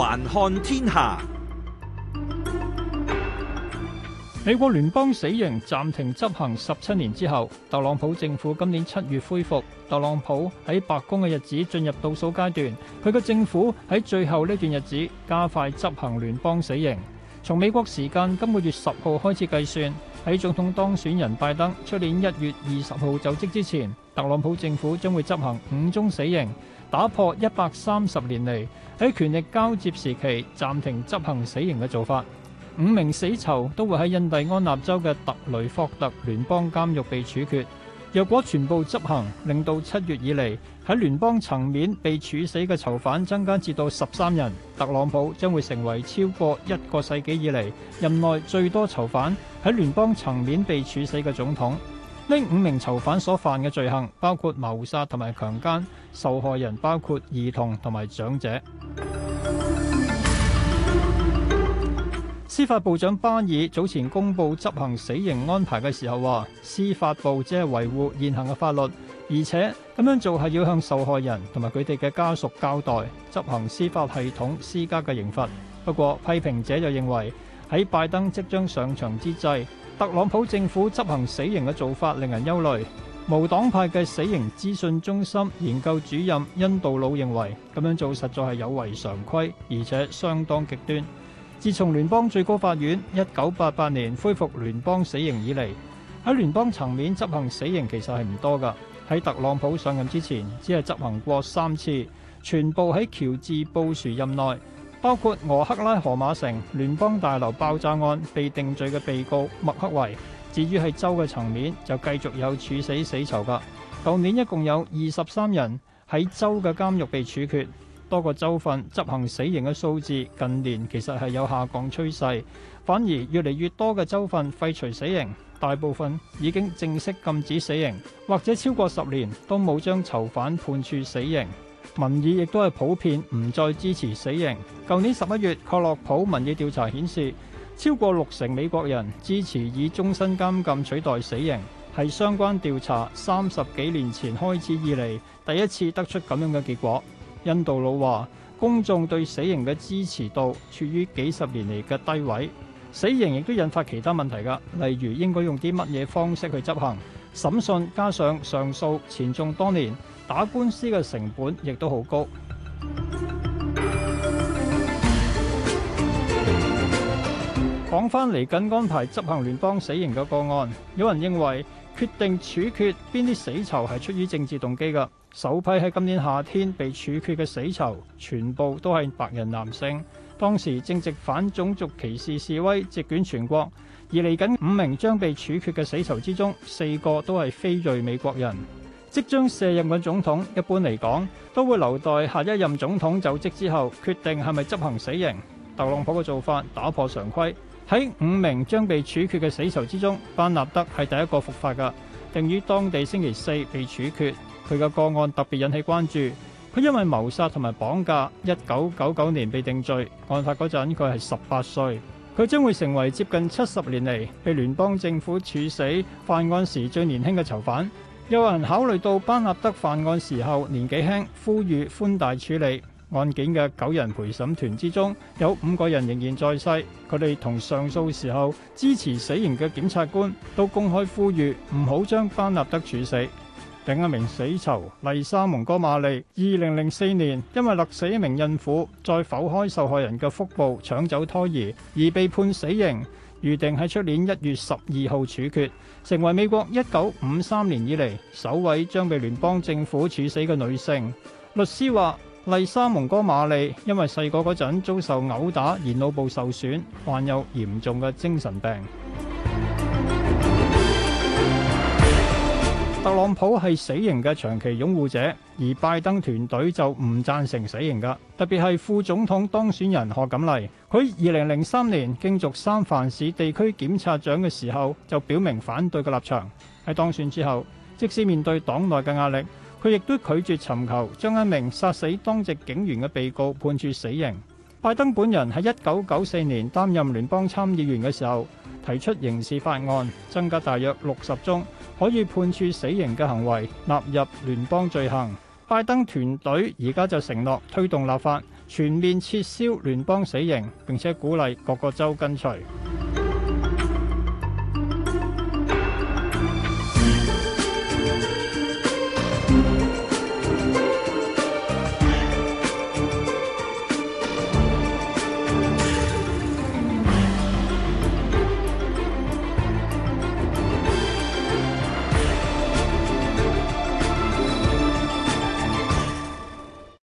環看天下，美國聯邦死刑暫停執行十七年之後，特朗普政府今年七月恢復。特朗普喺白宮嘅日子進入倒數階段，佢嘅政府喺最後呢段日子加快執行聯邦死刑。從美國時間今個月十號開始計算，喺總統當選人拜登出年一月二十號就職之前，特朗普政府將會執行五宗死刑，打破一百三十年嚟喺權力交接時期暫停執行死刑嘅做法。五名死囚都會喺印第安納州嘅特雷霍特聯邦監獄被處決。若果全部執行，令到七月以嚟喺聯邦層面被處死嘅囚犯增加至到十三人，特朗普將會成為超過一個世紀以嚟任內最多囚犯喺聯邦層面被處死嘅總統。呢五名囚犯所犯嘅罪行包括謀殺同埋強姦，受害人包括兒童同埋長者。司法部長巴爾早前公布執行死刑安排嘅時候話，司法部只係維護現行嘅法律，而且咁樣做係要向受害人同埋佢哋嘅家屬交代執行司法系統施加嘅刑罰。不過批評者就認為，喺拜登即將上場之際，特朗普政府執行死刑嘅做法令人憂慮。無黨派嘅死刑資訊中心研究主任恩道魯認為，咁樣做實在係有違常規，而且相當極端。自從聯邦最高法院一九八八年恢復聯邦死刑以嚟，喺聯邦層面執行死刑其實係唔多㗎。喺特朗普上任之前，只係執行過三次，全部喺喬治布殊任內，包括俄克拉荷馬城聯邦大樓爆炸案被定罪嘅被告麥克維。至於喺州嘅層面，就繼續有處死死囚㗎。舊年一共有二十三人喺州嘅監獄被處決。多個州份執行死刑嘅數字近年其實係有下降趨勢，反而越嚟越多嘅州份廢除死刑，大部分已經正式禁止死刑，或者超過十年都冇將囚犯判處死刑。民意亦都係普遍唔再支持死刑。舊年十一月，克洛普民意調查顯示，超過六成美國人支持以終身監禁取代死刑，係相關調查三十幾年前開始以來第一次得出咁樣嘅結果。印度佬話，公眾對死刑嘅支持度處於幾十年嚟嘅低位。死刑亦都引發其他問題㗎，例如應該用啲乜嘢方式去執行。審訊加上上訴，前眾多年打官司嘅成本亦都好高。講翻嚟緊，安排執行聯邦死刑嘅個案，有人認為決定處決邊啲死囚係出於政治動機㗎。首批喺今年夏天被處決嘅死囚，全部都係白人男性。當時正值反種族歧視示，示威，席捲全國。而嚟緊五名將被處決嘅死囚之中，四個都係非裔美國人。即將卸任嘅總統，一般嚟講都會留待下一任總統就職之後決定係咪執行死刑。特朗普嘅做法打破常規。喺五名將被處決嘅死囚之中，班納德係第一個伏法嘅，定於當地星期四被處決。佢嘅個案特別引起關注，佢因為謀殺同埋綁架，一九九九年被定罪。案發嗰陣佢係十八歲，佢將會成為接近七十年嚟被聯邦政府處死犯案時最年輕嘅囚犯。有人考慮到班納德犯案時候年紀輕，呼籲寬大處理。案件嘅九人陪審團之中，有五個人仍然在世。佢哋同上訴時候支持死刑嘅檢察官都公開呼籲唔好將班納德處死。另一名死囚麗莎蒙哥馬利，二零零四年因為勒死一名孕婦，再剖開受害人嘅腹部搶走胎兒，而被判死刑，預定喺出年一月十二號處決，成為美國一九五三年以嚟首位將被聯邦政府處死嘅女性。律師話。麗莎蒙哥馬利因為細個嗰陣遭受毆打，而腦部受損，患有嚴重嘅精神病。特朗普係死刑嘅長期擁護者，而拜登團隊就唔贊成死刑噶。特別係副總統當選人賀錦麗，佢二零零三年競逐三藩市地區檢察長嘅時候，就表明反對嘅立場。喺當選之後，即使面對黨內嘅壓力。佢亦都拒絕尋求將一名殺死當值警員嘅被告判處死刑。拜登本人喺一九九四年擔任聯邦參議員嘅時候，提出刑事法案，增加大約六十宗可以判處死刑嘅行為，納入聯邦罪行。拜登團隊而家就承諾推動立法，全面撤銷聯邦死刑，並且鼓勵各個州跟隨。